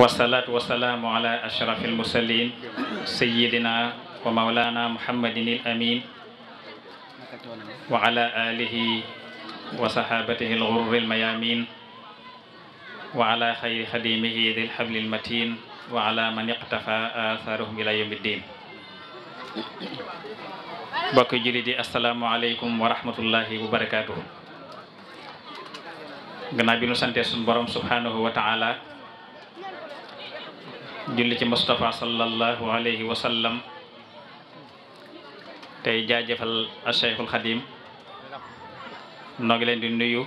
wasalaatu wasalaamu ala ashraf almursalin sayidina wa maulana muhammadin al amin wa ala alihi wa sahabatihi alghurri almayamin wa ala xayri xadimihi dil xabli almatin wa ala man iqtafa atharuhum ila yawmi ddin mbokk julli di asalaamu aleykum wa rahmatullahi wa barakatuhu gannaaw bi nu santee suñu borom subhanahu wa taala julli ci Moustapha sallallahu alayhi wa sallam tey jaajëfal Cheikhul Xadim noo gi leen di nuyu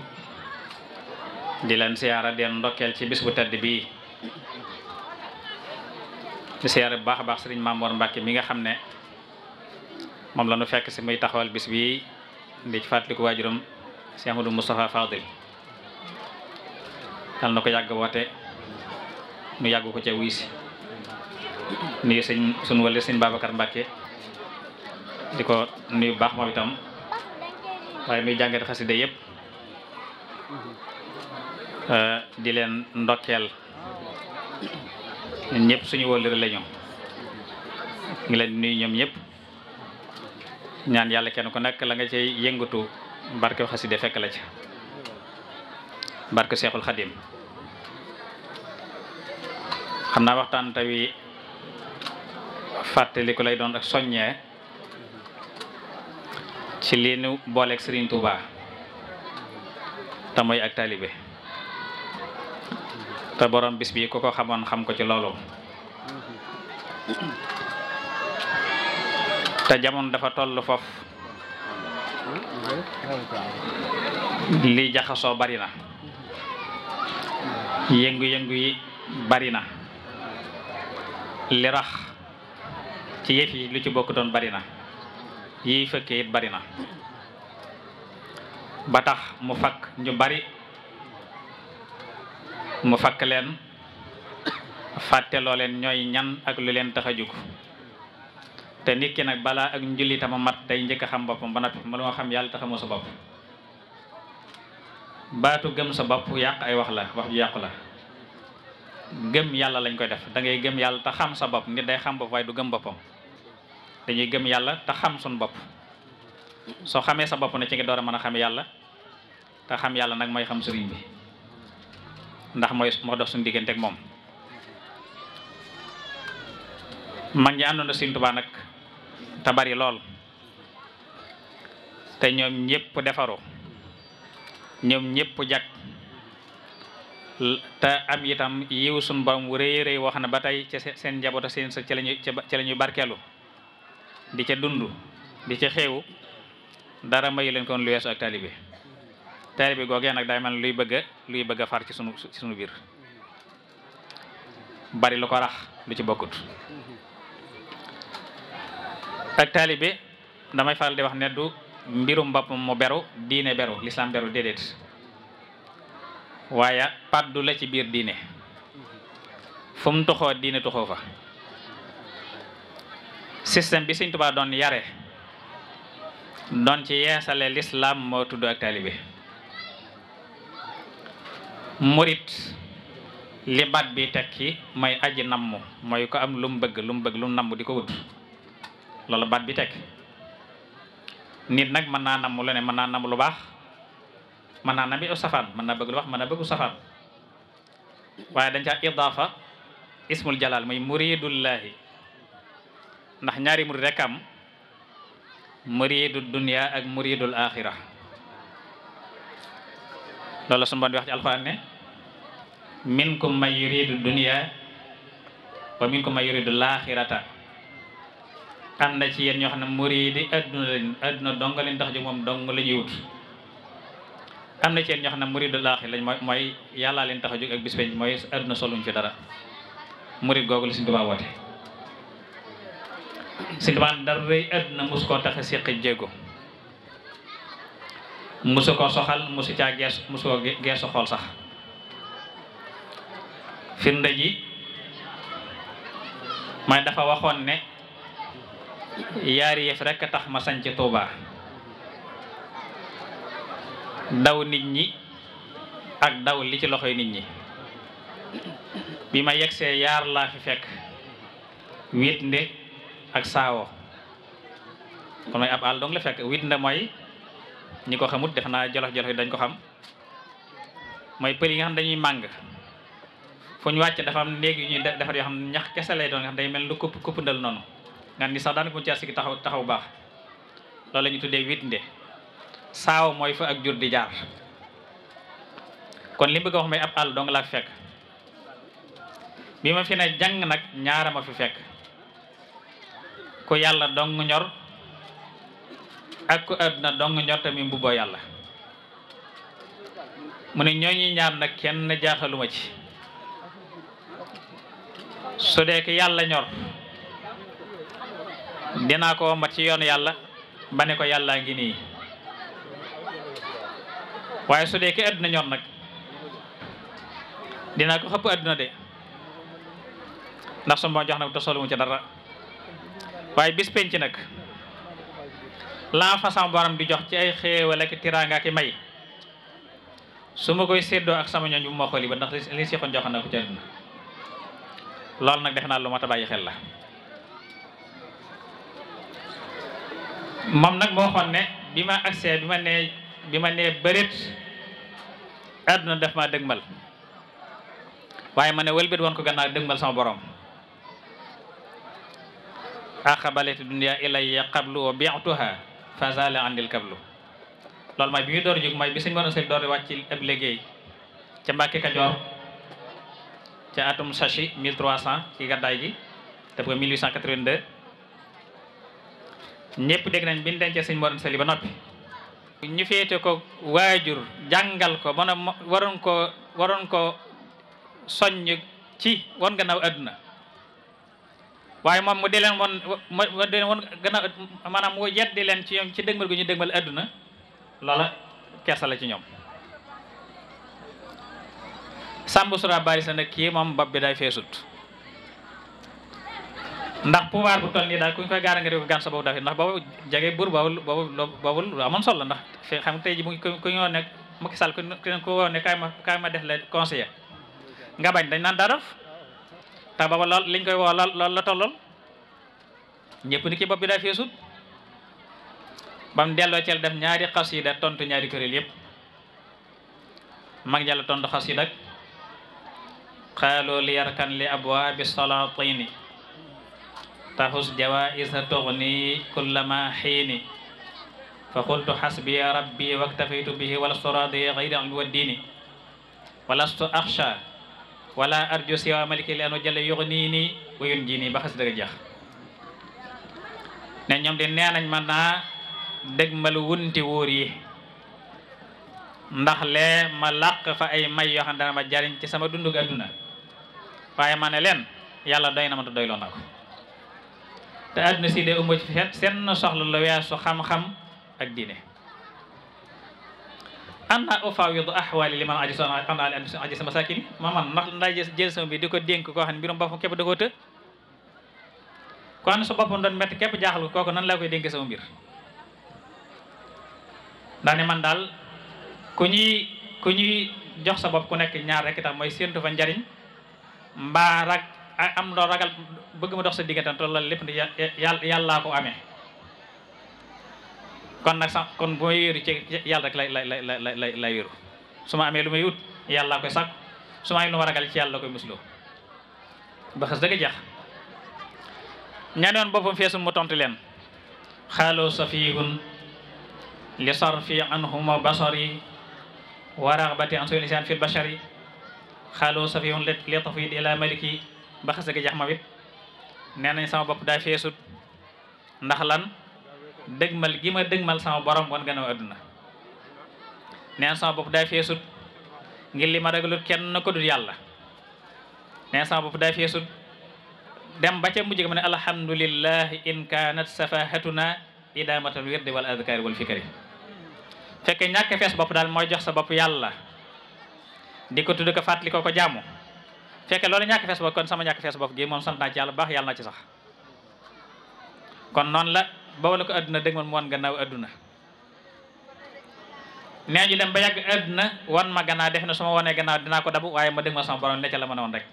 di leen siyaara den ndokkeel ci bis bu tedd bii di siyaara bu baax a baax sëriñ Mamoor Mbàkke mi nga xam ne moom la nu fekk si muy taxawal bis bii di ci fàttaliku waajuram Cheikh Amadou Moustapha Fadil yàlla na ko yàgg woote nu yàgg ko ca wuy nuyu suñ sunu wàllu sëñ Babacar Mbacke di ko nuyu baax moom itam waaye muy jàngat xasida yëpp eh, di leen ndokkeel ñun ñëpp suñu wóllëre la ñu ngi leen di ñoom ñëpp ñaan yàlla kenn ku nekk la nga cay yëngatu barke xasida fekk la ca barke Seexul Xadim xam naa waxtaan tawi fàttali ko lay doon ak soññee ci lii nu booleeg Serigne Touba te mooy ak taalibe te borom bis bi ku ko xamoon xam ko ci loolu te jamono dafa toll foofu li jaxasoo bari na yëngu-yëngu yi bari na li rax ci yëf yi lu ci bokk doon bari na yi fëkkee it bari na ba tax mu fakk ñu bari mu fakk leen fàtteloo leen ñooy ñan ak lu leen tax a jóg te nit ki nag balaa ak njullitam a mat day njëkk xam boppam ba noppi mënoo xam yàlla taxa taxamoo sa bopp baatu gëm sa bopp yàq ay wax la wax ju yàqu la gëm yàlla lañ koy def da ngay gëm yàlla te xam sa bopp nit day xam bopp waaye du gëm boppam dañuy gëm yàlla te xam suñ bopp soo xamee sa bopp na ci nga door a mën a xam yàlla te xam yàlla nag mooy xam sëriñ bi ndax mooy moo def suñ digganteek moom mag ñi àndoon na Sëriñ Tuubaa nag te bari lool te ñoom ñëpp defaru ñoom ñëpp jag te am itam yiw suñu borom wu rëy rëy wax na ba tey ci seen njaboot seen sa ci lañuy ci la ñuy barkeelu di ca dund di ca xewu dara mayu leen kon lu weesu ak taalibe taalibe googee nag day man luy bëgg luy bëgg a far ci sunu ci biir bari lu ko rax lu ci bokkut ak taalibe damay faral di wax ne du mbirum bopp mu beru diine beru lislaam beru déedéet waaye pàddu la ci biir diine fu mu toxoo diine toxoo fa système bi Sëñ Tuubaa doon yare doon ci yeesale lislaam moo tudd ak taalibe murit li baat bi tekki mooy aji namm mooy ko am lu mu bëgg lu bëgg lu namm di ko wut loolu baat bi tekki nit nag mën naa namm lu ne mën naa namm lu baax mën naa nami safaan mën naa bëgg lu wax mën naa bëggu safaan waaye dañ caa idaafa ismul jalaal muy muridullahi ndax ñaari murid rek am muridu dunya ak muridul axira loolu sunu Boroom bi wax ci alxuraan ne minkum man yuridu dunya wa minkum man yuridu laaxirata am na ci yéen ñoo xam ne muridi adduna dong lañ tax moom dong la ñuy wut am na ci yéen ñoo xam ne muridul laaxira lañ mooy mooy yàllaa leen tax a jóg ak bis penc mooy adduna soluñ fi dara murid googu la Sëriñ Tuubaa woote sëñ Tuubaa dara rëy àdduna mosu koo tax a séqi jéego mosu koo soxal mosu caa gees mosu koo geesu xool sax firnde ji may dafa waxoon ne yaar yëf rekk a tax ma sañ ci Tuubaa daw nit ñi ak daw li ci loxoy nit ñi bi ma yegsee yaar laa fi fekk wéet nde ak saawo kon mooy ab àll dong la fekk wit nda mooy ñi ko xamut def naa jolof-jolof yi dañ ko xam mooy pël yi nga xam dañuy màng fu ñu wàcc dafa am néeg yu ñuy defar yoo xam ne ñax kese lay doon nga xam day mel lu kupp kupp ndal noonu nga ni sax daanaka mu ci sigi taxaw taxaw baax loolu la tuddee wit nde saaw mooy fa ak jur di jaar kon li mu bëgg a wax mooy ab àll dong laa fekk bi ma fi ne jàng nag ñaara ma fi fekk ku yàlla dong ñor ak ku àdduna dong ñor tamit mbubboo yàlla mu ne ñooñu ñaar nag kenn jaaxaluma ci su dee ki yàlla ñor dinaa ko mat ci yoon yàlla ba ne ko yàllaa ngi nii waaye su dee ki àdduna ñor nag dinaa ko xëpp àdduna de ndax su ma jox nag te ci dara waaye bis penc nag la façon borom bi jox ci ay xéewal ak tiraanga ak may su ma koy séddoo ak sama ñooñ bu ma xool yi ba ndax li siixoon joxoon na ko ci nag def naa lu mat a bàyyi xel la moom nag moo xoon ne bi ma agsee bi ma nee bi ma nee bërit àdduna def ma dëgmal waaye ma ne wëlbit woon ko gannaaw dëgmal sama borom aqabalati dunia ilayya qablu wa bi'tuha fa zala andil qablu loolu mooy bi ñu door jóg mooy bi sëñ Mor Anta door wàcc ab liggéey ca Mbàkke Kajoor ca atum sachi ci gàddaay gi te bu 1882 ñëpp dégg nañ bi ñu dencee sëñ Mor ba noppi ñu féete ko waajur jàngal ko mën a waroon ko waroon ci won gannaaw àdduna waaye moom mu di leen woon mu di leen woon gën a maanaam mu leen ci ñoom ci dëgmal gu ñu dëgmal àdduna loola kersa la ci ñoom sàmb sura bari sa nag kii moom bopp bi day feesut ndax pouvoir bu toll nii daal ku ñu koy gaara nga di ko gaan sa boobu dafi ndax boobu jege buur boobu boobu boobu lu amoon solo ndax fi xam tey ji mu ku ñu woon ne Macky Sall ku ku woo ne kaay ma kaay ma def la conseiller nga bañ dañ naan daa te booba lool liñ koy woo lool lool la tollool ñëpp ni ki bopp bi daa feesut ba mu delloo cel def ñaari xasida tontu ñaari kuréel yëpp mag jàll tontu xasida ak xaaloo li yarkan li abwaabi salatini taxus jawaisa tuxni kullama xiini fa qultu xasbi rabbi waktafaytu bihi wala suradi xayri almi wa diini walastu axsha wala arju siwa maliki leenu jële yoxu nii nii wayun ji nii ba xas dëgg ne ñoom di nee nañ man naa dégmal wunti wóor yi ndax lee ma làq fa ay may yoo xam ne dana ma jariñ ci sama dundug adduna waaye ma ne leen yàlla doy na ma te doy loo na ko te adduna si dee umba ci seen soxla lu weesu xam-xam ak diine anna ufawwidu ahwaali liman ajisa an ali sa masakin ma man ndax ndaa jël sama bi di ko dénk ko xam ne mbirum boppam képp da koo të kon su boppam doon métti képp jaaxal ko kooku nan laa koy dénk sama mbir ndax ne man daal ku ñuy ku ñuy jox sa bopp ku nekk ñaar rek tax mooy séentu fa njariñ mbaa rag am loo ragal bëgg ma dox sa diggante loolu lépp yàlla yàllaa ko amee kon nag sax kon booy may wéeru ci yàlla rek lay lay lay lay lay wéeru su ma amee lu may wut yàlla koy sàkk su ma amee lu ma ragal ci yàlla la koy musloo ba xas dëgg jeex ñaanoon boppam feesum mu tontu leen xaaloo safihun li sarfi anhuma basari wa raxbati an soy lisaan fil bashari xaaloo safihun li tafid ila maliki ba xas ma wit nee nañ sama bopp daa feesut ndax lan dëgmal gi ma dëgmal sama borom wan gannaaw àdduna neen sama bopp daa feesut ngir li ma ragalut kenn ko yàlla neen sama bopp daa feesut dem ba ca mujj ma ne alhamdulillahi in kaanat safahatuna idamatul wirdi wal adkari wal fikri fekk ñàkk fees bopp daal mooy jox sa bopp yàlla di ko tudd ko fàttali ko ko jàmm fekk loolu ñàkk fees bopp kon sama ñàkk fees bopp gi moom sant naa ci yàlla baax yàlla na ci sax kon noonu la ba wane ko àdduna dégg man mu wan gannaaw àdduna nee ñu dem ba yàgg àdduna wan ma gannaaw def na su ma wanee gannaaw dinaa ko dabu waaye ma dégg ma sama borom ne ca la ma woon rek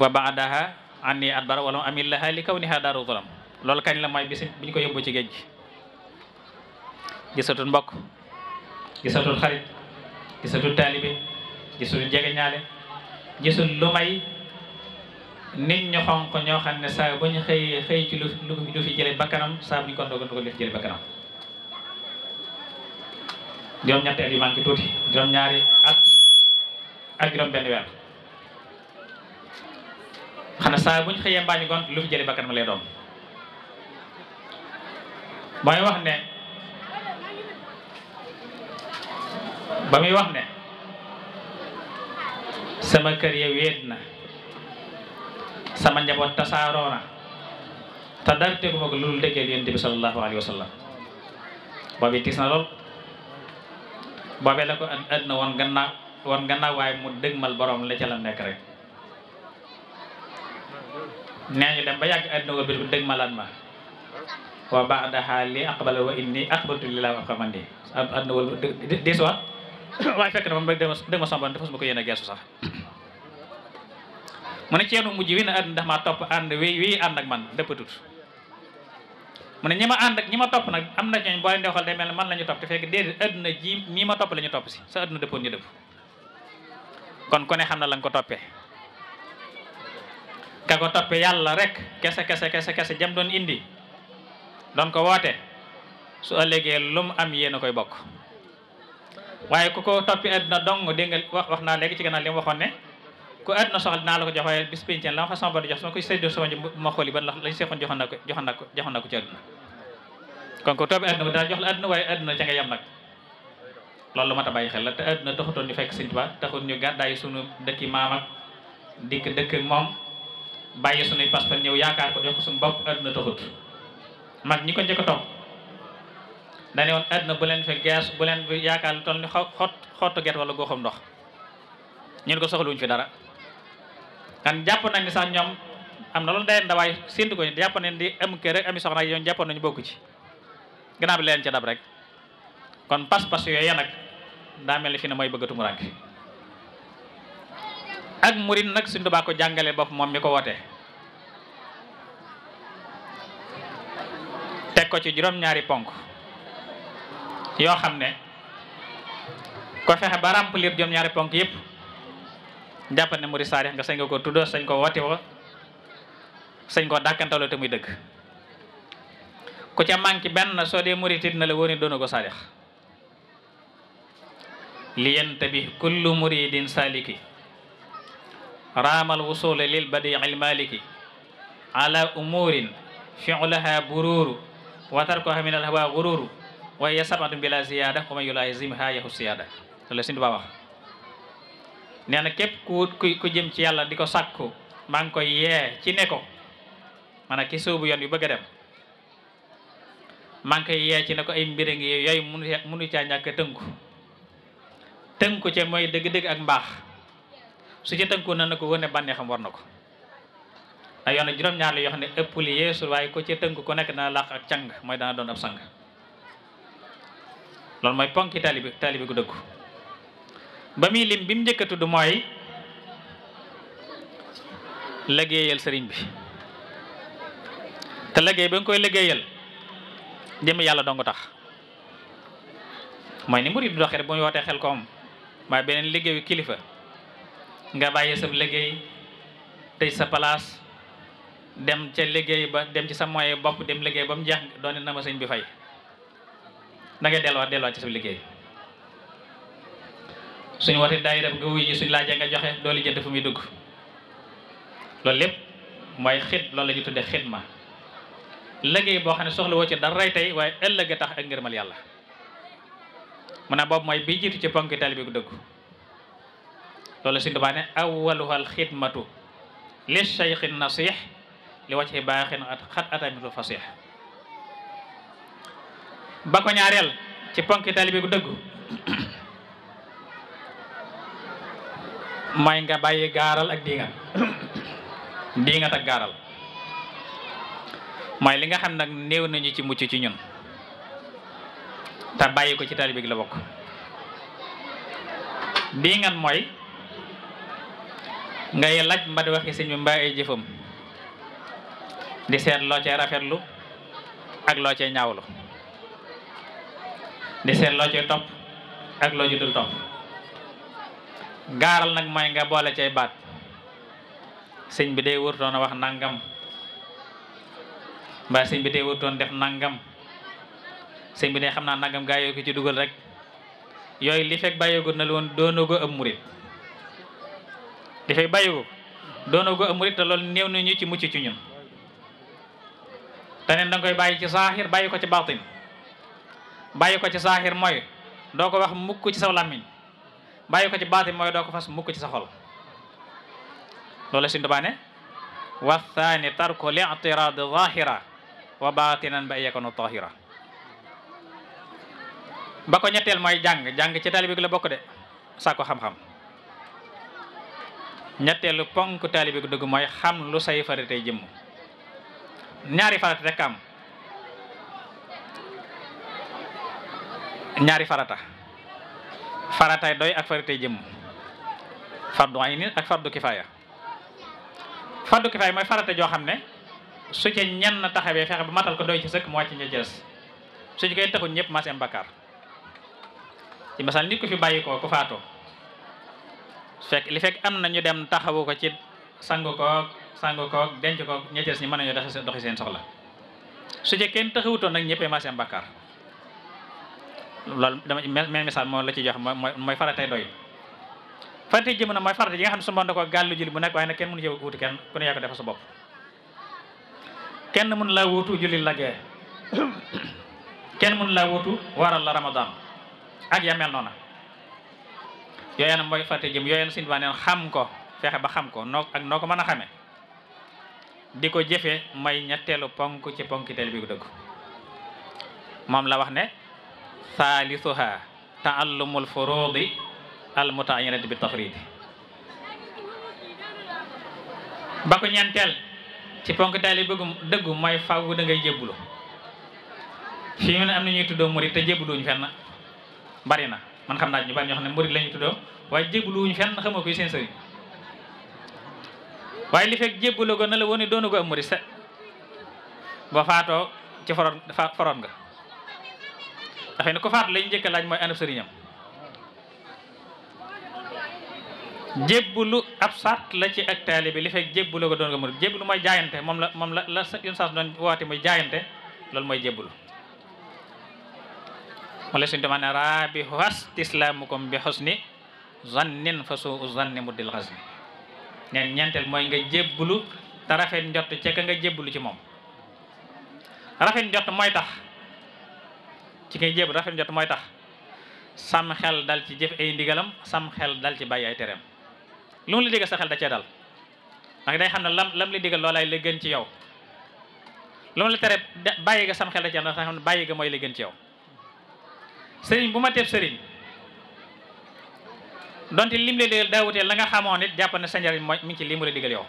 wa baadaha anni adbar wala amillaha li kawniha daaru zulam loolu kañ la mooy bisi bi ñu ko yóbbu ci géej gi gisatul mbokk gisatul xarit gisatul taalibe gisul jegeñaale gisul lu may nit ñu xonq ñoo xam ne saa bu ñu xëyee xëy ci lu lu fi jëlee bakkanam saa bu ñu ko dogal dogal def jëlee bakkanam juróom ñetti at yu manqué tuuti juróom ñaari at ak juróom benn weer xam ne saa bu gont lu fi jëlee bakkanam lay doon mooy wax ne ba muy wax ne sama kër ya wéet na sama njaboot tasaaroo na te dara teguma ko loolu dëggeel yonent bi sallallahu alayhi wa sallam boobee tiis na lool boobee la ko àddina woon gannaaw woon gannaaw waaye mu dëgmal boroom la ca la nekk rek nee ñu dem ba yàgg àddina wal bi bu malaan ma wa ba'daha li aqbala wa inni aqbaltu lillahi wa qamandi àddina wal bi di di waaye fekk na moom ba dëgma sama borom dafa su ko yéene geesu sax mu ne ceenu mujj wi na àdduna ndax maa topp ànd wi wi ànd ak man dëppatut mu ne ñi ma ànd ñi ma topp nag am na ñooñ boo leen di waxal mel ne man la ñu topp te fekk déedéet na ji mii ma topp lañu topp si sa àdduna dëppoon ñu dëpp kon ku ne xam na lañ ko toppe ka ko toppee yàlla rek kese kese kese kese jam doon indi doon ko woote su ëllëgee lu mu am yéen a koy bokk waaye ku ko toppi àdduna dong dégg wax wax naa léegi ci gannaaw li waxoon ne ku àdduna soxla dinaa la ko jox waaye bis pénceen la ma fa sama jox su ma koy séddoo sama ma xool yi ba la lañ seexoon joxoon naa ko joxoon naa ko jox la àdduna waaye loolu lu mat a bàyyi xel la te àdduna taxutoon ñu fekk Sëñ Tuubaa taxut ñu gàddaay sunu dëkki maam ak dikk dëkk moom bàyyi sunuy passeport ñëw yaakaar ko jox ko suñu bopp àdduna taxut mag ñi ko njëkk a topp dane woon àdduna bu leen fi gees bu leen yaakaar lu toll ni xot xottu gerte wala goo xam fi dara kan jàpp nañ sax ñoom am na loolu dayen da waaye séntu ko jàpp nañ di am kër ak ami soxna ak yoon jàppoon nañu bokku ci gannaaw bi leen ca dab rek kon pas-pas yooyu nag daa mel ni fi ne mooy bëggatu mu rànk ak murid nag suñ tubaa ko jàngale bopp moom mi ko wootee teg ko ci juróom-ñaari ponk yoo xam ne ko fexe ba remplir juróom-ñaari ponk yëpp jàppal ne murid saadix nga sañ nga ko tuddoo sañ ko woote woo sañ ko dàkkantaloo te muy dëgg ku ca manqué benn soo dee murid it na la wóor ni doona ko li yantabi kullu muridin saliki raamal wusula lil badii al maliki ala umurin fi'luha bururu wa tarkuha min al hawa gururu wa hiya bila ziyada wa man yulaazimha yahu siyada loolu nee na képp ku wut ku jëm ci yàlla di ko sàkku maa ngi koy yee ci ne ko maanaam ki sóobu yoon yu bëgg a dem maa ngi yee ci ne ko ay mbir ngi yooyu munu munu caa ñàkk a tënku tënku ca mooy dëgg-dëgg ak mbaax su ci tënku na na ko wone bànnee xam war na ko ndax yoon juróom-ñaar la yoo xam ne ëpp li yeesul waaye ku ci tënku ku nekk dana làq ak càng mooy dana doon ab sang loolu mooy ponki taalibi taalibi gu dëggu ba muy lim bi mu njëkk a tudd mooy liggéeyal sëriñ bi te liggéey ba nga koy liggéeyal jëme yàlla dong tax mooy ni mbir yi du doxee rek bu ñu wootee xel koom waaye beneen liggéeyu kilifa nga bàyyi sa liggéey tëj sa place dem ca liggéey ba dem ci sa moyen bopp dem liggéey ba mu jeex doone na ma sëñ bi fay da ngay delluwaat delluwaat ci sa liggéey. suñu woote daayira nga wuy ji suñ laajee nga joxe doo lijjanti fu muy dugg loolu lépp mooy xit loolu la ñu tuddee ma liggéey boo xam ne soxla woo da daray tey waaye ëllëg a tax ak ngërmal yàlla mu ne boobu mooy bi jiitu ci ponk taalibe gu dëgg loolu suñ dubaa ne awwaluha al xidmatu li shaykhi nasih li wacci baaxin at xat atamitu fasih ba ko ñaareel ci ponk taalibe gu dëgg mooy nga bàyyi gaaral ak diingat diingat ak gaaral mooy li nga xam nag néew nañu ci mucc ci ñun te bàyyi ko ci taalibe gi la bokk diingat mooy ngay laaj mba di waxi sëñ bi mbaa ay jëfam di seet loo cee rafetlu ak loo cee ñaawlu di seet loo cee topp ak loo ci dul topp gaaral nag mooy nga boole cay baat sëñ bi day wërtoon a wax nangam mbaa sëñ bi day wërtoon def nangam sëñ bi day xam naa nangam gaa yoo ko ci dugal rek yooyu li fekk bàyyiwul na lu woon doonagoo am murit li fekk bàyyiwul doonagoo am murit te loolu néew nañu ci mucc ci ñun te neen danga koy bàyyi ci saaxir bàyyi ko ci baatin bàyyi ko ci saaxir mooy doo ko wax mukk ci saw làmmiñ bàyyi ko ci baati mooy doo ko fas mukk ci sa xol loolu sin tubaa ne wa thani tarku li'tirad zahira wa batinan ba yakunu tahira ba ko ñetteel mooy jàng jàng ci taalibe gi la bokk de sàkku xam-xam ñetteelu ponk taalibe gi dugg mooy xam lu say faratay jëmm ñaari farata rek am ñaari farata faratay doy ak faratay jëmm fardu ayni ak far fardu kifaaya fardu kifaaya mooy farata joo xam ne su ca ñenn taxawee fexe bu matal ko doy ci sëkk mu wàcc ña jëles su ci koy ñëpp mas am bakkaar ci masal nit fi bàyyi ko faatoo fekk li fekk am na ñu dem taxawu ko ci sangu koog sangu koog denc koog ña ñi mën nañu doxi seen soxla su ci kenn taxawutoon nag ñëppee mas am bakkaar loolu dama mel misaal moo la ci jox mooy mooy faratay doy faratay jëm na mooy farata yi nga xam ne su mboon da ko gàllu julli bu nekk waaye nag kenn mënu ci wuti kenn ku ne yaa ko defa sa bopp kenn mënu laa wutu julli lagee kenn mënu laa wutu waral la ak ya mel noona yooyu na mooy faratay jëm yooyu nag suñu xam ko fexe ba xam ko noo ak noo ko mën a xamee di ko jëfee may ñetteelu ponk ci ponkiteel bi dëgg moom la wax ne saalisuha taallumul furuudi al mutaayanati bi tafridi ba ko ñeenteel ci ponk taali bëggu dëggu mooy fàggu da ngay jébbulu fii mu ne am na ñuy tuddoo murit te jébbuluwuñu fenn bari na man xam naa ñu bari ñoo xam ne murit la tuddoo waaye jébbuluwuñu fenn xamoo koy seen sëriñ waaye li fekk jébbuloo ko na la wone doonu ko am murit sa boo faatoo ci foroon foroon nga xëy na ko faat lañ njëkk a laaj mooy anab sëriñam jébbulu ab sart la ci ak bi li fekk jébbulu ko doon nga mën jébbulu mooy jaayante moom la moom la la yoon saas doon woote mooy jaayante loolu mooy jébbulu moo la suñu demande raabi xas islaamukum bi xusni zannin fa suu zanni mu dil ni neen ñeenteel mooy nga jébbulu te rafet njott ca ka nga jébbulu ci moom rafet njott mooy tax ci ngay jéem rafet njot mooy tax sam xel dal ci jëf ay ndigalam sam xel dal ci bàyyi ay tereem lu mu la digal sa xel da cee dal ndax day xam ne lam lam li digal loolaay la gën ci yow lu mu la tere bàyyi ga sam xel da cee dal ne bàyyi ga mooy la gën ci yow sëriñ bu ma teeb sëriñ donte lim la digal daa wutee la nga xamoon nit jàpp ne sa njariñ mooy mi ngi ci lii mu la digal yow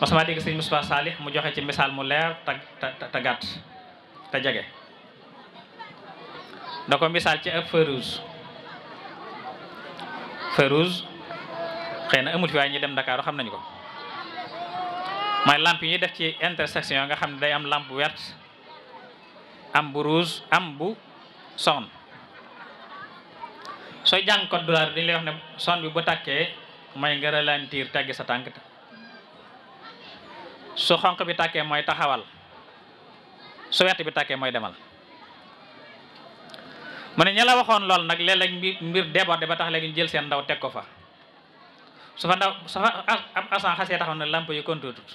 mosuma dégg sëriñ Moustapha Salih mu joxe ci misaal mu leer te te te gàtt te jege da ko ci ab feu rouge feu rouge xëy na amul fi waaye ñi dem Dakar xam nañu ko mooy làmp yi ñuy def ci intersection nga xam ne day am lampe verte am bu rouge am bu son soo jàng code de la route dañu lay wax ne son bi bu tàkkee mooy nga ralentir teggi sa tànk su xonq bi tàkkee mooy taxawal su wett bi tàkkee mooy demal mu ne ña la waxoon lool nag léeg-léeg mbir mbir de ba tax léegi ñu jël seen ndaw teg ko fa su fa ndaw su fa ab asan xasee taxaw ne lamp yu kontuutut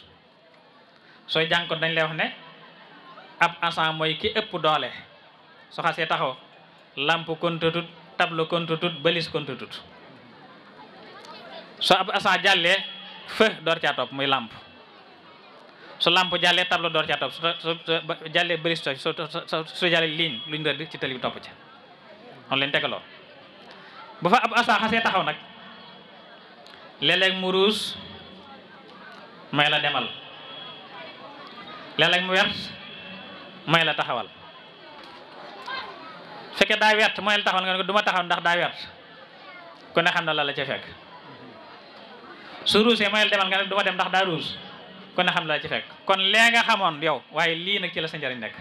sooy jàng dañ lay wax ne ab asan mooy ki ëpp doole su taxaw lamp kontuutut tableau kontuutut balise kontuutut soo ab asan jàllee fë door caa topp muy lamp su lamp jàllee tableau d'or ca topp su jàllee bëri su su jàllee ligne luñ rëdd ci tali bi topp ca noonu leen tegaloo bu fa ab asa xasee taxaw nag léeg mu ruus may la demal léeg mu wert may la taxawal fekkee daa wert mooy la taxawal nga ne ko du taxaw ndax daa wet ku ne xam na la la ca fekk su ruusee may la demal nga ne dem ndax daa ruus kon xam laa ci fekk kon lee nga xamoon yow waaye lii nag ci la sa njariñ nekk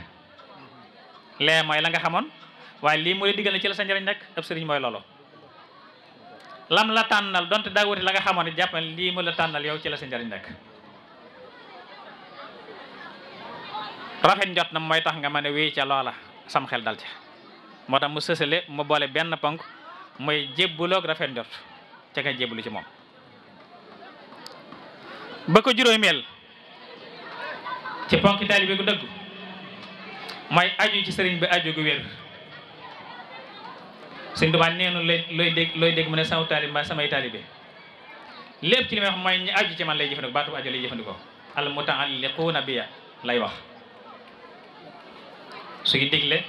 lee mooy la nga xamoon waaye lii mu diggal ne ci la sa njariñ nekk ab sëriñ mooy loolu lam la tànnal donte daa wuti la nga xamoon it jàppal lii mu la tànnal yow ci la sa njariñ nekk rafet njot na mooy tax nga mën ne wéy ca loola sam xel dal ca moo tax mu sësale mu boole benn ponk mooy jébbuloog rafet njot ca nga jébbalu ci moom ba ko juróomeel ci ponki taalibe gu dëgg mooy aju ci sëriñ bi aju gu wér sëriñ Tuubaa neenu looy looy dégg looy dégg mu ne sama taalibe mbaa samay taalibe lépp ci li may wax aju lay jëfandikoo baatu aju lay jëfandikoo al mutaalliquuna biya lay wax suy digle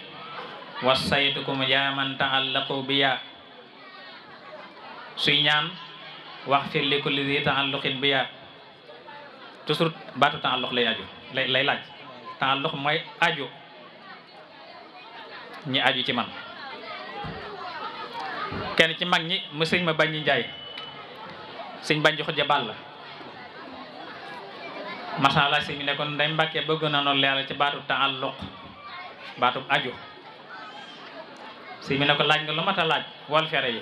wasaytukum yaa man taallaqu biya suy ñaan wax fir li kulli di taalluqin biya toujours baatu taalluq lay aju lay lay laaj taalux mooy aju ñi aju ci man kenn ci mag ñi mu sëñ ma bañ njaay sëñ bañ jox ja bàll masha Allah sëñ bi ne kon day mbàkkee bëgg noonu leeral ci baatu taalux baatu aju sëñ bi ne ko laaj nga lu mat laaj wal fere yi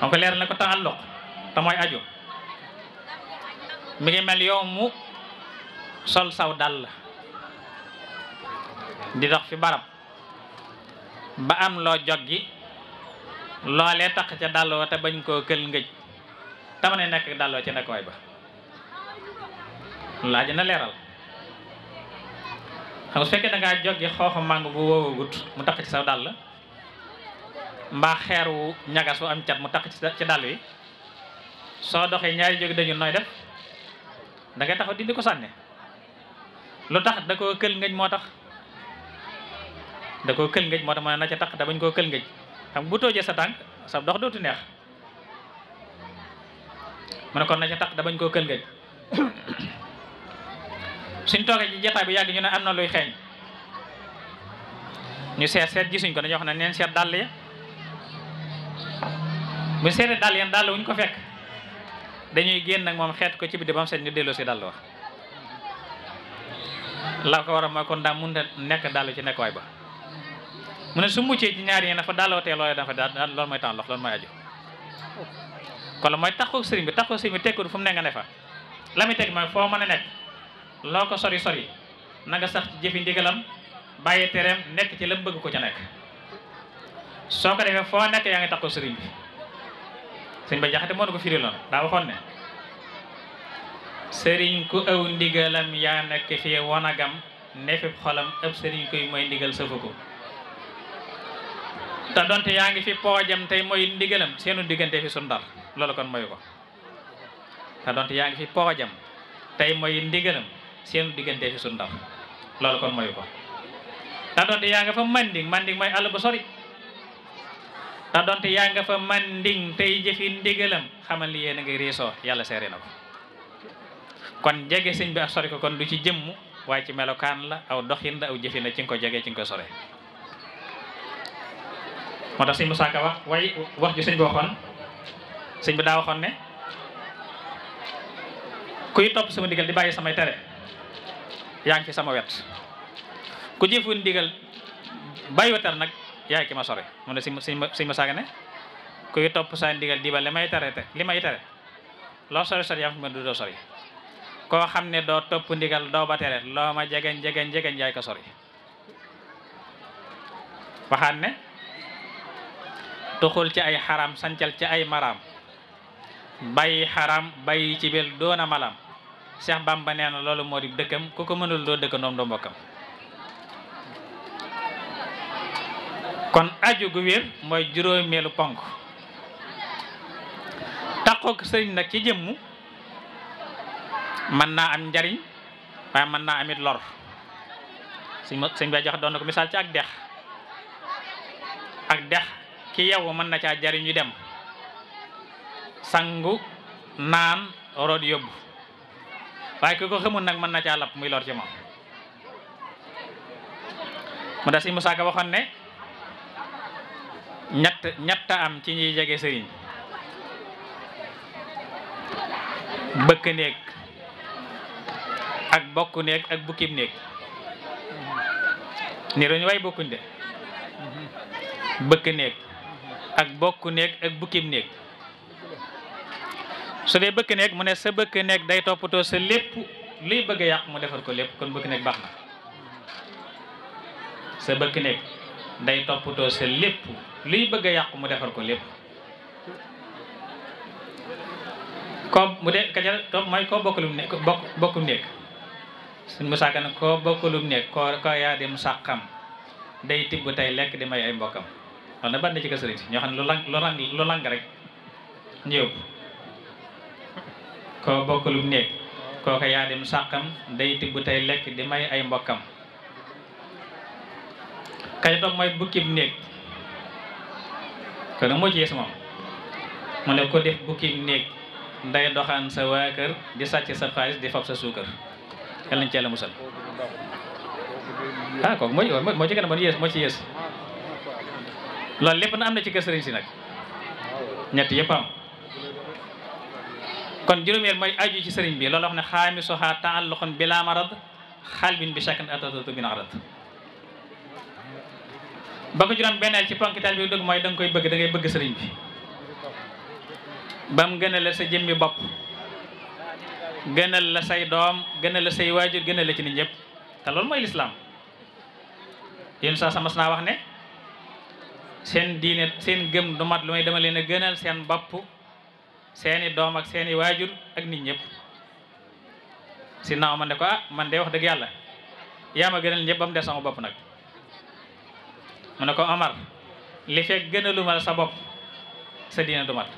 donc leeral na ko taalux te mooy aju mi ngi mel yow mu sol saw dàll di dox fi barab ba am loo joggi loolee tax ca dàll wa te bañ koo kël ngëj tama ne nekk dàll wa ci nekkoy ba laaj na leeral xam su fekkee dangaa joggi xooxu màng bu woowagut mu tax ci saw dàll mbaa xeer wu ñagas wu am cat mu takk ci dàll wi soo doxee ñaari jógi dañu nooy def da ngay taxaw dindi ko sànne lu tax da koo kël ngëj moo tax da koo kël ngëj moo tax na ca tax te bañ koo kël ngëj xam bu toojee sa tànk sa dox dootu neex mu ne kon na ca tax da bañ koo kël ngëj suñ toogee ci jataay bi yàgg ñu ne am na luy xeeñ ñu seet seet gisuñ ko dañoo xam ne neen seet dàll ya bu seetee dàll ya dàll wuñ ko fekk dañuy génn nag moom xeet ko ci biti ba mu set ñu delloo si dàll wax la ko war a mooy kon daa mun a nekk dàll ci waay ba mu ne su muccee ci ñaar yi dafa dàllootee loolee dafa daal loolu mooy temps lox loolu mooy aju kon la mooy taxu sëriñ bi taxu sëriñ bi tekkul fu mu ne nga ne fa la muy teg mooy foo mën a nekk loo ko sori sori na nga sax ci jëfi ndigalam bàyyi tereem nekk ci la bëgg ko ca nekk soo ko defee foo nekk yaa ngi taxu sëriñ bi sëñ ba jaxate moo na ko firiloon daa waxoon ne sëriñ ku aw ndigalam yaa nekk fii wanagam nefib xolam ëpp sëriñ kuy mooy ndigal sëfu ko te donte yaa ngi fi poojam tey mooy ndigalam seenu diggante fi sundar loolu kon mooy ko te yaa ngi fi poojam tey mooy ndigalam seenu diggante fi sundar loolu kon mooy fa manding manding mooy àll bu sori ndax donte yaa nga fa manding tey jëfi ndigalam xamal ni yéen a ngay réesoo yàlla seere na ko kon jege sëñ bi ak sori ko kon du ci jëmm waaye ci melokaan la aw doxin la aw jëfin la ci nga ko jege ci nga ko sore moo tax sëñ Musaa Ka wax way wax ju sëñ bi waxoon sëñ bi daa waxoon ne kuy topp sama ndigal di bàyyi samay tere yaa ngi fi sama wet ku jëfu ndigal bàyyi wa nag yaay ki ma sori mu ne si si si ma saaga ne kuy topp sa ndigal di ba li may tere li may tere loo sori sori yaa ma koo xam ne doo topp ndigal doo ba tere loo ma jegeñ jegeñ jegeñ yaay ko sori waxaat ne tuxul ci ay xaram sancal ci ay maraam bàyyi xaram bàyyi ci bel doon a malaam Cheikh Bamba nee na loolu moo di dëkkam ku ko mënul doo dëkkandoom doo mbokkam kon aju gu wér mooy juróomeelu ponk taqoog sëriñ nag ci jëmmu mën naa am njariñ waaye mën naa amit lor sëñ ma sëñ bay jox doon na ko misaal ci ak dex ak dex ki yow mën na caa jariñu dem sangu naan root yóbbu waaye ki ko xamul nag mën na caa lapp muy lor ci moom mu da sëñ Musaa waxoon ne ñett ñett am ci ñuy jege sëriñ bëkk néeg ak bokk néeg ak bukkib néeg ni dañu way bokkunde bëkk néeg ak bokk néeg ak bukkib néeg su dee bëkk néeg mu ne sa bëkk néeg day toppatoo sa lépp luy bëgg yàq mu defar ko lépp kon bëkk néeg baax na sa bëkk néeg day toppatoo sa lépp luy bëgg a yàqu mu defar ko lépp comme mu de kacal topp mooy koo bokkalum nekk bokk bokkum nekk suñ mu sàkkan koo bokkalum nekk koo koo yaa dem sàqam day tibb tey lekk di may ay mbokkam loolu na ban ci kër ñoo xam ne lu lang lu lang lu rek ñëw koo bokkalum nekk koo ko yaa dem sàqam day tibb tey lekk di may ay mbokkam kaca topp mooy bukkib néeg kon nag moo ci yees moom mu ne ko def bukkib néeg nday doxaan sa waa kër di sàcc sa xaalis di fab sa suukar yal nañ ci yàlla ah kooku moo ci moo ci gën moo ci yées loolu lépp na am na ci kër sëriñ si nag ñett yëpp am kon juróomeel mooy aju ci sëriñ bi loolu wax ne xaami soxaa taal bilaa marad xalbin bi chakan atatatu bin arad ba ko juróom benneel ci ponk taalibe bi dëgg mooy danga koy bëgg dangay bëgg sëriñ bi bam gënal la sa jëmmi bopp gënal la say doom gënal la say waajur gënal la ci nit ñëpp te loolu mooy lislaam yéen saa samas naa wax ne seen diine seen gëm du mat lu may dama leen a gënal seen bopp seeni doom ak seeni waajur ak nit ñëpp si naaw man ne ko ah man de wax dëgg yàlla yaa ma gënal ñëpp ba mu des sama bopp nag mu ne ko Omar li fekk gënalu ma sa bopp sa diine du mat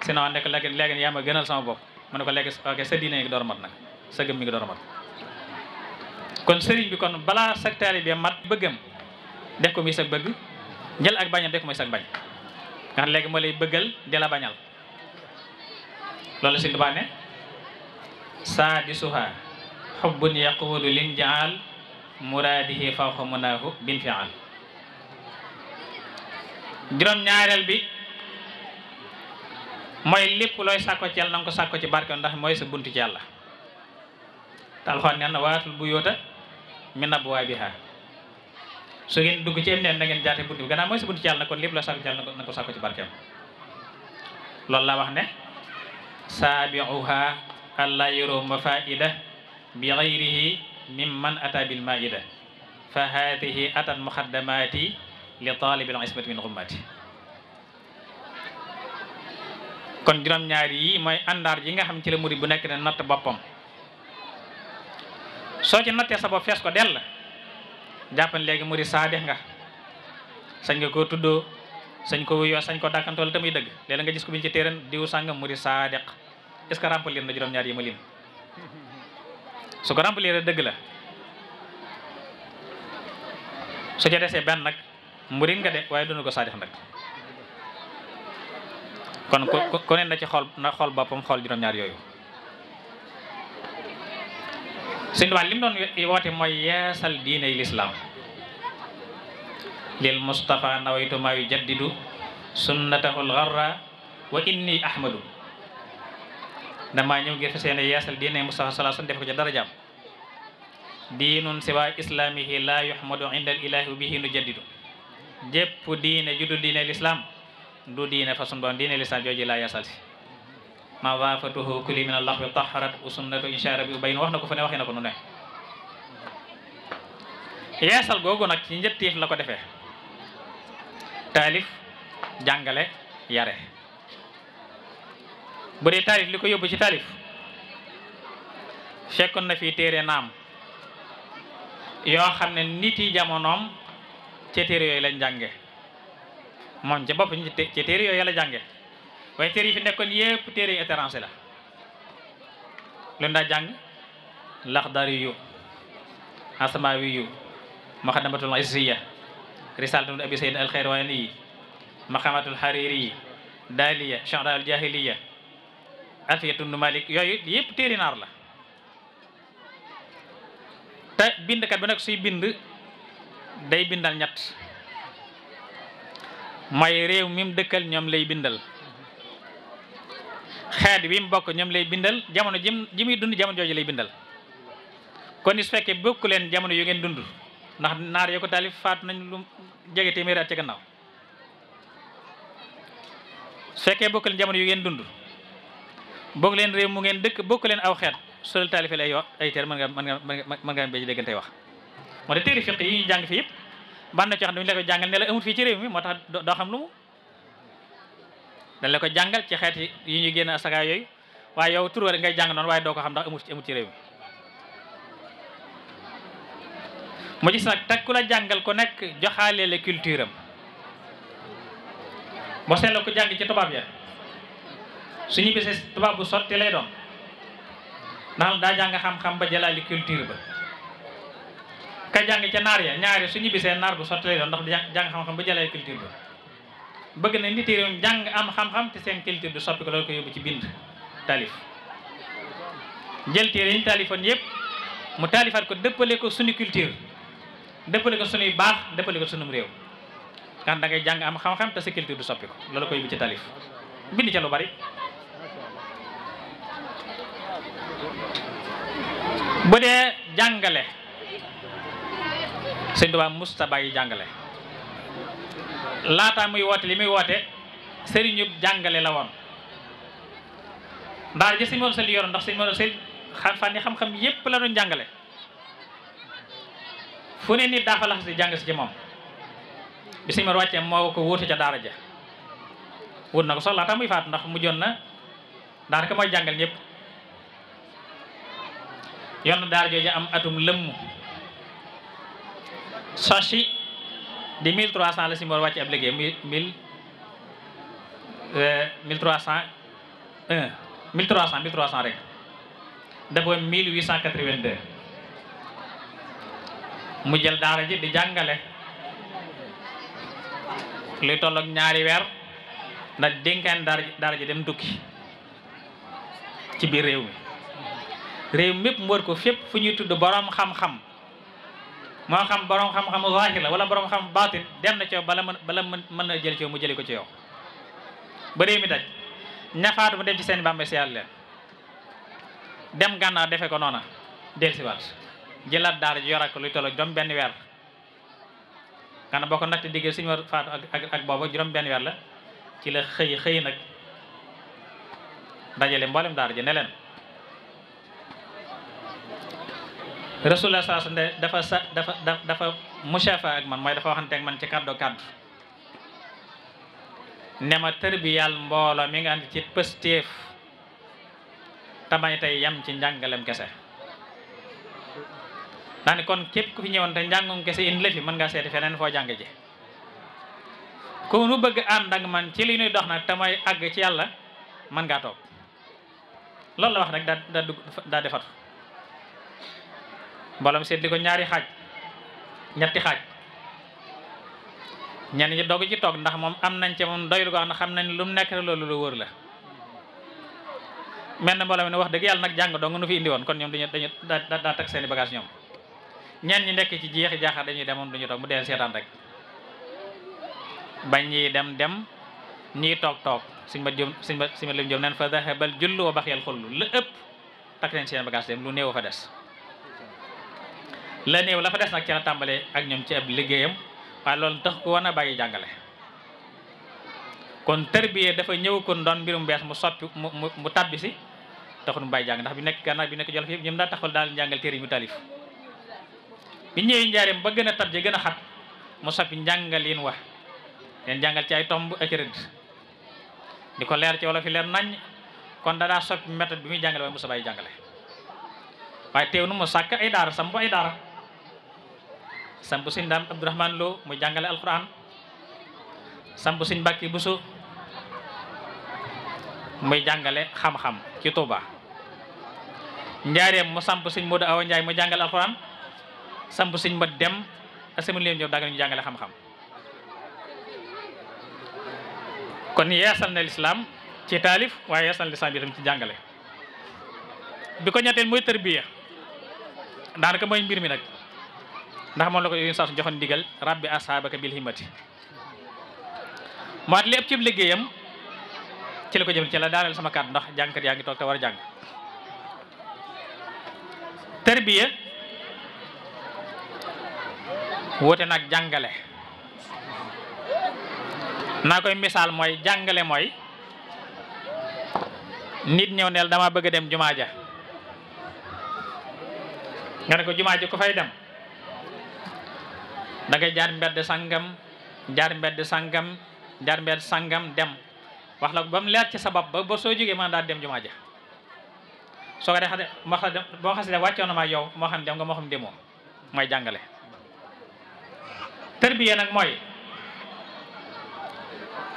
sinon ne ko léegi léegi yaa ma gënal sama bopp mu ne ko léegi ok sa diine ngi door mat nag sa gëm mi ngi door mat kon sëriñ bi kon balaa sa taalibe mat bëggam def ko muy sa bëgg jël ak bañam def ko muy sa bañ nga xam léegi moo lay bëggal di la bañal loolu si Tuubaa ne saa di suha xubbun yaquudu lin jaal muraadihi fawqa munaahu bin fial juróom-ñaareel bi mooy lépp looy sàkko ci yàlla na ko sàkko ci barke ndax mooy sa buntu ci yàlla te alxuraan nee na waatul bu yoota min abwaabiha su ngeen dugg ci am neen na ngeen jaate buntu bi gannaaw mooy sa buntu ci yàlla na kon lépp looy sàkko ci yàlla na ko sàkko ci barkeem loolu la wax ne saabiuha alla yuruma faida bi gayrihi mimman ata bil maida fa haadihi atan muxaddamaati li taalibil ismati kon juróom-ñaar yi mooy àndaar yi nga xam ci la murid bu nekk ne natt boppam soo ci nattee sa bopp fees ko dell jàppan léegi murid saadix nga sañ nga koo tuddoo sañ ko wuyoo sañ ko dàkkantool te muy dëgg léeg nga gis ko biñ ci téeran diw sàngam murid saadix est-ce que remplir na juróom-ñaar yi ma lim su ko remplir dëgg la su ca desee benn nag murit nga de waaye doonu ko saadix nag kon ku ne na ci xool na xool boppam xool juróom-ñaar yooyu suñu duwaa li mu doon woote mooy yeesal diine yi lislaam lil Mustafa nawaytu maa yu jaddidu sunnatahul gharra wa inni ahmadu damaa ñëw ngir fas yéene yeesal diine Mustafa sallallahu alayhi wasallam def ko ci darajaam diinun siwa islaamihi la yuhmadu inda al bihi nu jaddidu jépp diine ju du diine lislaam du diine fa sun borom diine lislaam jooju laa yasal si ma waafatuhu kuli min allah bi taharat usunnatu insha rabbi ubayin wax na ko fu ne waxee na ko nu ne yeesal googu nag ci njëttiif la ko defee taalif jàngale yare bu dee taalif li ko yóbbu ci taalif fekkoon na fi téere naam yoo xam ne nit jamonoom ci téere yooyu lañ jànge moom ci bopp ñu ci téere yooyu la jànge waaye téere yi fi nekkoon yépp téere yu la lu daa jàng laxdari yu asamawi yu maxadamatul isiya risalatul abi sayyid al xayrawani yi maxamatul xariri yi daaliya chanral jahiliya alfiyatun malik yooyu yépp téeri naar la te bindkat bi nag suy bind day bindal ñett may réew mi mu dëkkal ñoom lay bindal xeet wi mu bokk ñoom lay bindal jamono jim ji muy dund jamono jooju lay bindal kon ni fekkee bokku leen jamono yu ngeen dund ndax naar yoo ko taalif faatu nañ lu jege téeméeri at ci gannaaw su fekkee bokku leen jamono yu ngeen dund bokku leen réew mu ngeen dëkk bokku leen aw xeet soo leen taalifee ay ay teer mën nga mën nga mën nga mën nga am ba ci wax moo tax téere fiq yi ñu jàng fi yëpp ban na ci xam ne duñu la ko jàngal fii ci réew mi moo doo xam lu mu dañ ko jàngal ci xeet yi ñuy génn asaka yooyu waaye yow tur ngay jàng noonu waaye doo ko xam ndax amul ci amul ci réew mi mu gis nag teg jàngal ku nekk joxaaleele la culture am boo seetloo ko jàng ci tubaab ya suñu bisee tubaab bu sotti lay doon ndax daa jàng xam-xam ba jëlaali culture ba ka jàng ca naar ya ñaari su ñibbisee naar bu sotti lay doon ndax di jàng xam-xam ba jëlee culture ba bëgg na nit yi jàng am xam-xam te seen culture du soppi ko loolu ci bind taalif jël téere yëpp mu taalifaat ko dëppale ko suñu culture dëppale ko suñuy baax dëppale réew kan da jàng am xam-xam te sa culture du soppi ko loolu ko yóbbu ci taalif bind ca lu bari bu dee jàngale sëñ Tuubaa musta bàyyi jàngale laata muy woote li muy woote sëriñu jàngale la woon daara ji sëñ Mor Sali yoroon ndax sëñ Mor Sali xam la doon jàngale fu ne nit daa fa ci moom bi sëñ Mor wàccee moo ko wóotu ca daara ja wut na ko soxla laata muy faatu ndax mu mujjoon na daanaka mooy jàngal ñëpp yoon na daara jooju am atum lëmm sachi di mille trois cent la si mboor wàcce ab liggéey mille euh, mille trois cent un mille trois cent mille trois cent rek d'abord mille huit cent quatre-vingt-deux mu jël daara ji di jàngale luy tolloog ñaari weer ndax dénkaan daara daara ji dem tukki ci biir réew mi réew mépp mu ko fépp fu ñuy tudd boroom xam-xam moo xam borom xam-xamu zahir la wala borom xam baatin dem na ci yow bala mën bala mën mën na jël ci yow mu jëli ko ci yow ba réew mi daj ñafaatu mu dem ci seen bàmbe si yàlla leen dem gànnaar defe ko noona del siwaat jëlaat daara ji yoraat ko luy tollo juróom benn weer xanaa boo ko natt digg suñu war faatu ak ak booba juróom benn weer la ci la xëy xëy nag dajale mboolem daara ji ne leen rasulullah saa nde dafa sa dafa dafa musafa ak man mooy dafa waxante ak man ci kàddu kàddu ne ma tërbiyal mbooloo mi nga ànd ci pëstéef tamay tey yam ci njàngalem kese daa ni kon képp ku fi ñëwoon te njàngum kese in la fi mën nga seeti feneen foo jàng ji ku nu bëgg ànd ak man ci li ñuy dox nag tamay àgg ci yàlla mën ngaa toog loolu la wax rek daa daa dugg daa di mbooloom seet li ko ñaari xaaj ñetti xaaj ñenn ñi dogu ci toog ndax moom am nañ ci moom doyul ko wax na xam nañ lu mu nekk loolu lu wóor la mel na mbooloo mi ne wax dëgg yàlla nag jàng dong nu fi indi woon kon ñoom dañu dañu daa daa teg seeni bagage ñoom ñenn ñi nekk ci jeexi jaaxaar dañuy demoon duñu toog mu dee seetaan rek bañ ñi dem dem ñii toog toog suñ ma jëm suñ ma suñ ma lim jëm neen fa daxebal jullu wa baxyal xullu lu ëpp takk nañ seen bagage dem lu néew fa des la néew la des nag ci la tàmbalee ak ñoom ci ab liggéeyam waaye loolu tax ko wan a bàyyi jàngale kon tarbiya dafa ñëw kon doon mbirum bees mu soppi mu mu mu tàbbi si taxul mu bàyyi jàng ndax bi nekk gànnaar bi nekk jolof yëpp ñoom daa daal njàngal téere yi mu bi ñëwee njaareem ba gën a tab je gën a xat mu soppi njàngal yin wax leen jàngal ci ay tomb ak rëdd di ko leer ci wolof yi leer nañ kon da daa soppi méthode bi muy jàngale waaye mu sa nu mu sàkk ay daara samp ay daara samp sëñ daam Abdourahman Lo mu jàngale alquran samp sëñ Mbàkke Buso muy jàngale xam-xam ci Touba njaareem mu samp sëñ Modou Awa Ndiaye mu samp sëñ ma dem asamin leen ñoom daga ñu jàngale xam-xam kon yeesal na lislaam ci taalif waaye yeesal na lislaam bi tam ci jàngale bi ko ñetteel muy tërbiya daanaka mooy mbir mi nag ndax moom la ko yéen saa su joxoon digal rabbi ashaabaka bil himmati moo at lépp ci liggéeyam ci la ko jëm ci la daaneel sama kàddu ndax jàngkat yaa te war a jàng woote nag jàngale naa koy misaal mooy jàngale mooy nit ñëw neel dama bëgg a dem jumaa ja nga ne ko jumaa ja ku fay dem da ngay jaar mbedd sangam jaar mbedd sangam jaar dem wax la ba mu leer ci sabab ba ba soo jógee mën daal dem jumaa ja soo ko defee moo xam ne boo xasee wàccoon nga moo xam demoo mooy jàngale. tërbiye nag mooy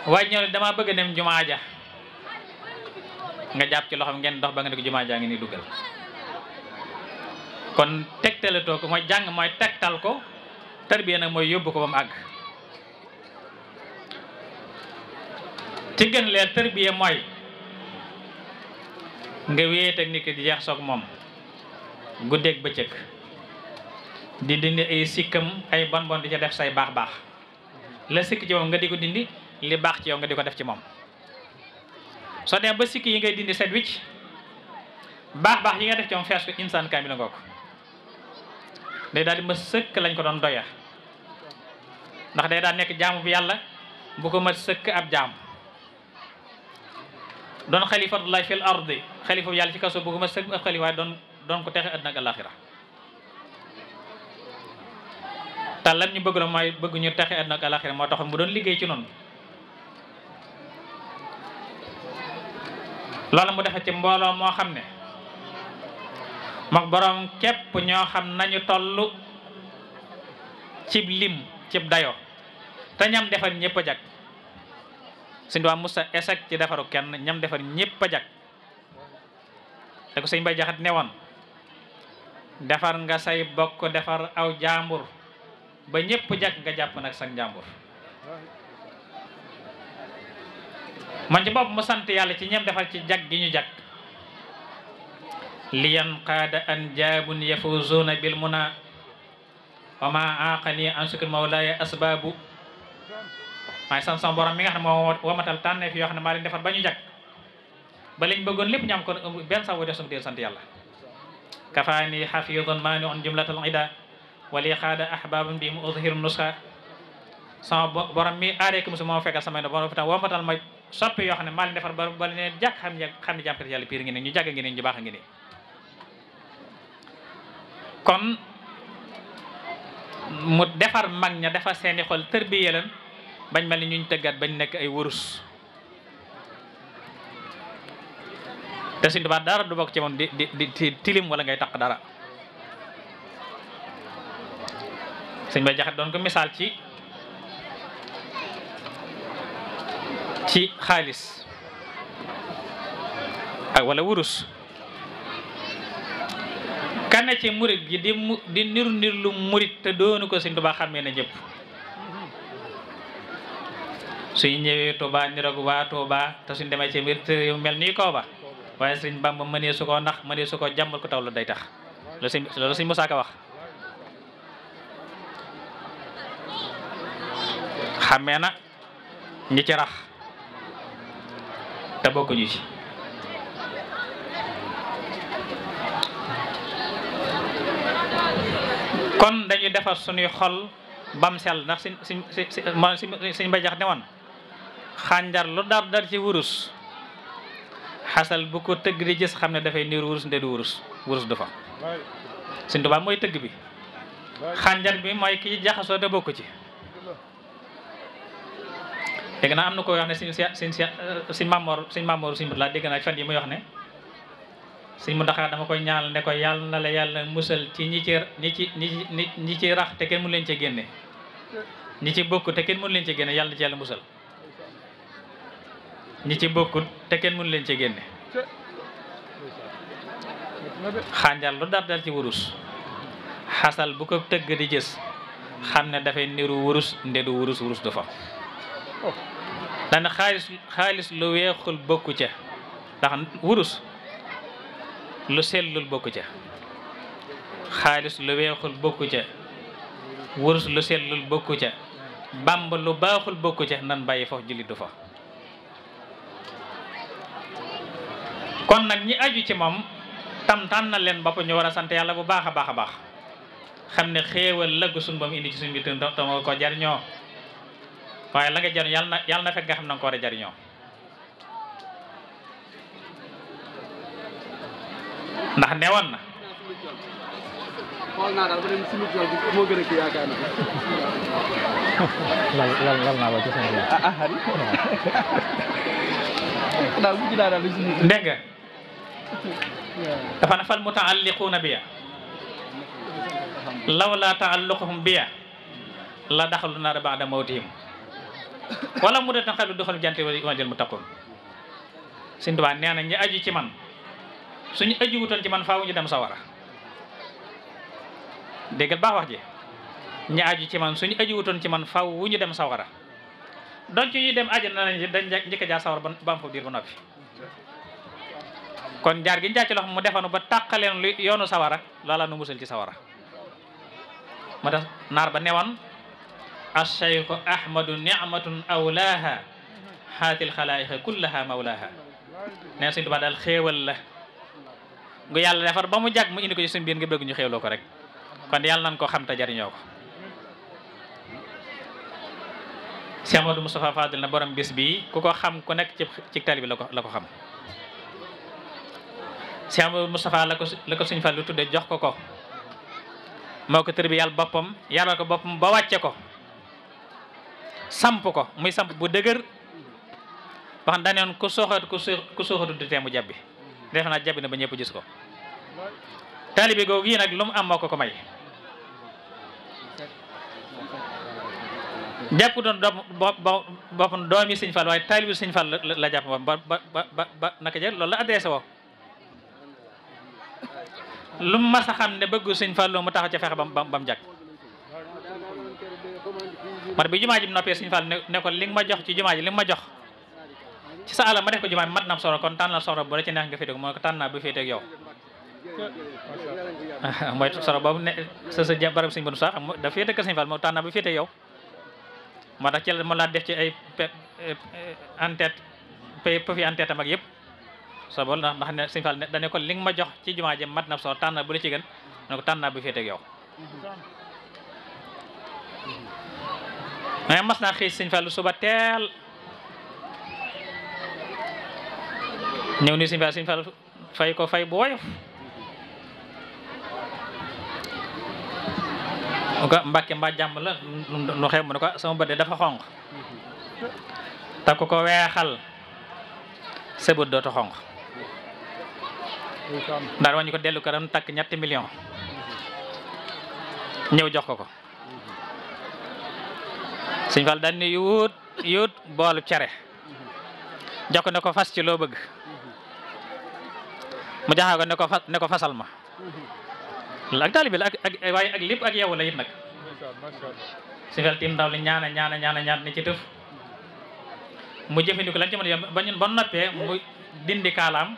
waaye ñëw damaa bëgg dem jumaa ja nga jàpp ci loxo ngeen dox ba nga ne ko jumaa jaa ngi ni duggal kon tegtalatoo ko mooy jàng mooy tegtal ko. tarbiya nag mooy yóbbu ko ba àgg ci gën leen tarbiya mooy nga wéet ak nit ki di jeex soog moom guddeeg bëccëg di dindi ay sikkam ay bon bon di ca def say baax baax la sikk ci moom nga di ko dindi li baax ci yow nga di ko def ci moom soo dem ba sikk yi ngay dindi set wicc baax baax yi nga def ci moom fees ko insaan kaamil ngoo ko day daal di ma sëkk lañ ko doon doya ndax day daal nekk jaamu bu yàlla bu ko ma sëkk ab jaam doon xalifatullahi fil ardi xalifa yàlla ci kaso bu sëkk ab xalifa doon doon ko texe àddina ak àllaaxira te lan ñu bëgg la mooy bëgg ñu texe àddina ak moo taxoon bu doon liggéey ci noonu loolu mu defe ci mbooloo moo xam ne mook boroom képp ñoo xam nañu toll cib lim cib dayo te ñam defar ñëpp a jag sëñ Tuubaa musta ci defaru kenn ñam defar ñëpp a jag te ko sëñ Bay jaxat ne woon defar nga say bokk defar aw jaambur ba ñëpp jag nga jàpp nag sag jaambur man ci bopp mu sant yàlla ci ñam defar ci jag gi ñu jag liyanqaada anjaabun yafuzuuna bilmuna wa ma aaqani an sukul mawlaaya asbaabu maay sant sama borom mi nga xam ne moo womatal tànneef yoo xam ne maa leen defar ba ñu jag ba liñ bëggoon lépp ñu am kon benn sax boo def sama deel sant yàlla kafaani xafiidun maani on jumlatal ida wali xaada ahbaabun bi mu uzhiru nusxa sama borom mi aareeku musu moo fekkal samay no borom tam womatal ba ba leen jàkk xam piir ngi ne ñu jàgg ngi ne baax ngi kon mu defar mag ña defar seeni xol tërbiye leen bañ ma ni ñuñ tëggaat bañ nekk ay wurus te Sëñ Tuubaa dara du bokk ci moom di di di tilim wala ngay takk dara Sëñ Bay Jaxate doon ko misaal ci ci xaalis ak wala wurus na ci murit gi di mu di nir nir lu murit te doonu ko Sëñ Tuubaa xàmmee na ñëpp suñ ñëwee Tuubaa niroog waa Tuubaa te suñ demee ci mbir yu mel nii kaw ba waaye Sëñ Bàmba mënee su koo nax mënee su koo jàmmal ko taw la day tax loolu Sëñ loolu wax xàmmee na ñi ci rax te bokkuñu ci kon dañuy defar suñuy xol bam sell ndax suñ suñ suñ suñ mbay jax ne xànjar lu dar dar ci wurus xasal bu ko tëgg di gis xam ne dafay niir wurus nde du wurus wurus du fa suñ tubaab mooy tëgg bi xànjar bi mooy ki jaxasoo te bokk ci dégg naa am na ko wax ne suñ suñ suñ mamoor suñ mamoor suñ laa dégg naa fan yi muy wax ne mu Muntaxa dama koy ñaanal ne ko yàlla na la yàlla musal ci ñi ci ñi ci ñi ñi rax te kenn mu leen ci génne ñi ci bokkut kenn mënu leen ci génne yàlla na ci yàlla musal ñi ci bokkut te kenn mënu leen ci génne xànjal lu dar ci wurus xasal bu ko tëgg di jës xam ne dafay niru wurus ndedu wurus wurus du fa dana xaalis lu weexul bokku ca ndax wurus lu sellul bokku ca xaalis lu weexul bokku ca wurus lu sellul bokku ca bàmb lu baaxul bokku ca nan bàyyi foofu jullit fa kon nag ñi aju ci moom tam na leen bopp ñu war a sant yàlla bu baax a baax a baax xam ne xéewal lëgg suñu bam indi ci suñu bitim tam tam ko jariñoo waaye la nga jariñ yàlla na yàlla na fekk nga xam na nga ko war a jariñoo ndax newoon na lal lal lal naa ba ci sama ah, ah, dégg nga dafa na fal mutaalliquuna biya law laa taalluquhum biya la daxalu naara baada mawtihim wala mu de tan xel bi doxal jante wa jël mu takkoon Sëñ Tuubaa nee na ñi aju ci man suñu ajiwutoon ci man faw ñu dem sawara déggal baax wax ji ñu aju ci man suñu ajiwutoon ci man faw wu ñu dem sawara doon donc ñuy dem àjjana nañ dañ njëkk a jaar sawara ba am fa diir ba noppi kon jaar gi ñu jaar ci loxo mu defanu ba tàqaleen lu yoonu sawara loola nu musal ci sawara moo def naar ba newoon ash-shaykhu ahmadu ni'matun awlaaha xaatil xalaayiqa kullaha mawlaaha nee suñ tubaab daal xéewal la gu yàlla defar ba mu jag mu indi ko ci suñ biir nga bëgg ñu xéewloo ko rek kon yàlla nañ ko xam te jariñoo ko Cheikh Amadou Moustapha Fadil na borom bis bii ku ko xam ku nekk ci ci tali bi la ko la ko xam Cheikh Amadou Moustapha la ko la ko suñ lu tudde jox ko ko moo ko tër bi yàlla boppam yaral ko boppam ba wàcce ko samp ko muy samp bu dëgër wax daneen ku soxat ku soxatu du tee mu jàbbi defe naa jabi na ba ñëpp gis ko taalibe googu yi nag lu mu am moo ko ko may jàpputoon boppam doomi Sëñ Fall waaye taalibe Sëñ Fall la jàpp ba ba ba ba naka jël loolu la adressé woo lu mu mas ne bëggu Sëñ Fall mu taxaw ca fexe ba mu jàkk man bi jumaa ji noppee Sëñ Fall ne ko li ma jox ci jumaa li ma jox ci sa alal ma def ko jumaa bi mat nam soro kon tànnal soro bu la ci neex nga féete ko ko tànn naa ba féete ak yow mooy sa sa barab sëñ bonu sax da féete kër sëñ Fall moo tànn naa ba féete ci la mën laa def ci ay eh, eh, en tête pay pafi en tête am ak yëpp so bool ndax ndax ne sëñ Fall dane ko li ma jox ci jumaa ji mat nam soro tànn naa bu la ci gën ne ko tànn naa ba féete ak yow mm-hmm. mais mas naa xëy sëñ suba teel ñëw ni suñu baa suñu fal fay ko fay bu woyof mu ko mbàkke la nu xew mu ne ko sama bët de dafa xonq takk ko weexal sa bët dootu xonq ndax wañu ko dellu këram takk ñetti million ñëw jox ko ko suñ fal daal ni yuut yuut boolu cere jox ko ne ko fas ci loo bëgg mu jaxaw ko ne ko fa ne ko fasal ma ak taalibe la ak ak ak lépp ak yow nag si fel tiim ndaw li ñaana ñaana ñaana ñaan ni ci tëf mu jëfandiku lan ci mën a ba noppee mu dindi kaalaam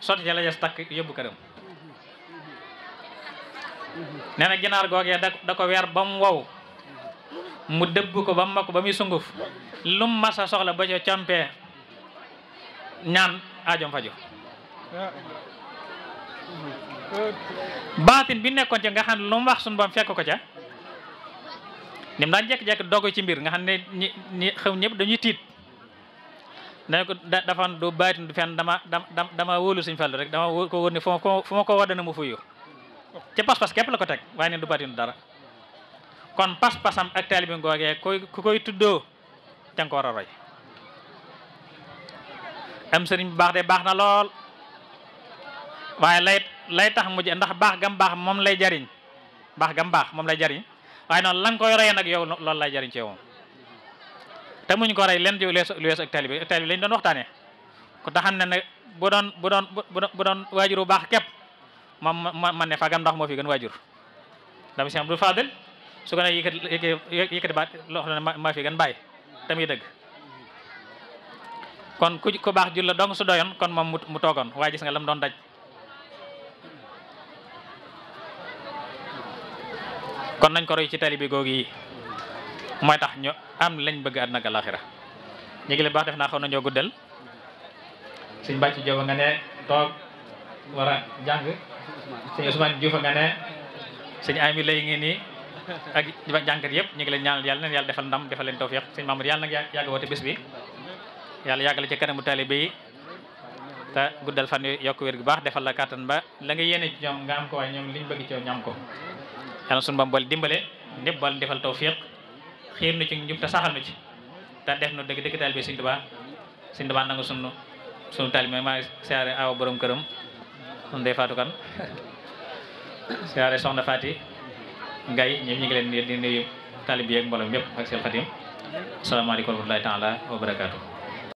sotti ca la jas takk yóbbu këram nee na ginaar googee da ko weer ba mu wow mu dëbb ko ba mu makk ba muy sunguf lu masa soxla ba ca campee ñaan aajom faju baatin bi nekkoon ca nga xam ne lu mu wax suñu boom fekk ko ca ni mu daan jekk-jekk dogo ci mbir nga xam ne ñi ñi xew ñëpp dañuy tiit dañ ko dafa do baatin du fenn dama dama dama wóolu suñ fàllu rek dama wóor ko wóor ne fu ma ko fu ma ko waddana mu fuyu ci pas-pas képp la ko teg waaye ne du baatin du dara kon pas-pasam ak taalibi ngoogee koy ku koy tuddoo danga ko war a roy am sëriñ bu baax de baax na lool waaye lay lay tax mu je ndax baax gam baax moom lay jariñ baax gam baax moom lay jariñ waaye noonu la koy royee nag yow loolu lay jariñ ci te muñ ko rey leen di lees lu wees ak taalibe ak taalibe lañ doon waxtaanee ko te xam ne ne bu doon bu doon bu doon waajur bu baax képp moom man ne fagam moo fi gën waajur dama si am du su ne yëkkati loo xam ne fi gën bàyyi tamit dëgg kon ku baax jur la dong su doyoon kon moom mu toogoon waaye gis nga lam doon daj kon nañ ko roy ci taalibe googu yi mooy tax ñu am lañ bëgg àddina ak àllaaxira ñu ngi leen baax def na xaw nañoo guddal suñ bàcc Jóob nga ne toog war a jàng suñ Ousmane Diouf nga ne suñ Amir lay ngi ak jànkat yëpp ñu ngi leen ñaanal yàlla na yàlla defal ndam defal leen tawfiq suñ Mamadou yàlla nag yàgg woote bés bi yàlla yàggal ci kanamu taalibe yi te guddal fan yokk wér gu baax defal la kàttan ba la nga yéene ñoom nga am ko waaye ñoom liñ bëgg ci ñoom ko yàlla sunu bam boole dimbale ñëpp bal defal tawfiq xiir nu ci njub te saxal nu ci te def nu dëgg dëgg taalibe Sëñ Tuubaa Sëñ Tuubaa nangu sunu sunu taalibe maa ngi siyaare boroom borom këram sunu day faatu kan siyaare soxna Faati Ngay ñoom ñu ngi leen di nuyu taalibe yi ak mbooloo yëpp ak seen Xaadim asalaamaaleykum wa rahmatullaahi taala wa barakaatu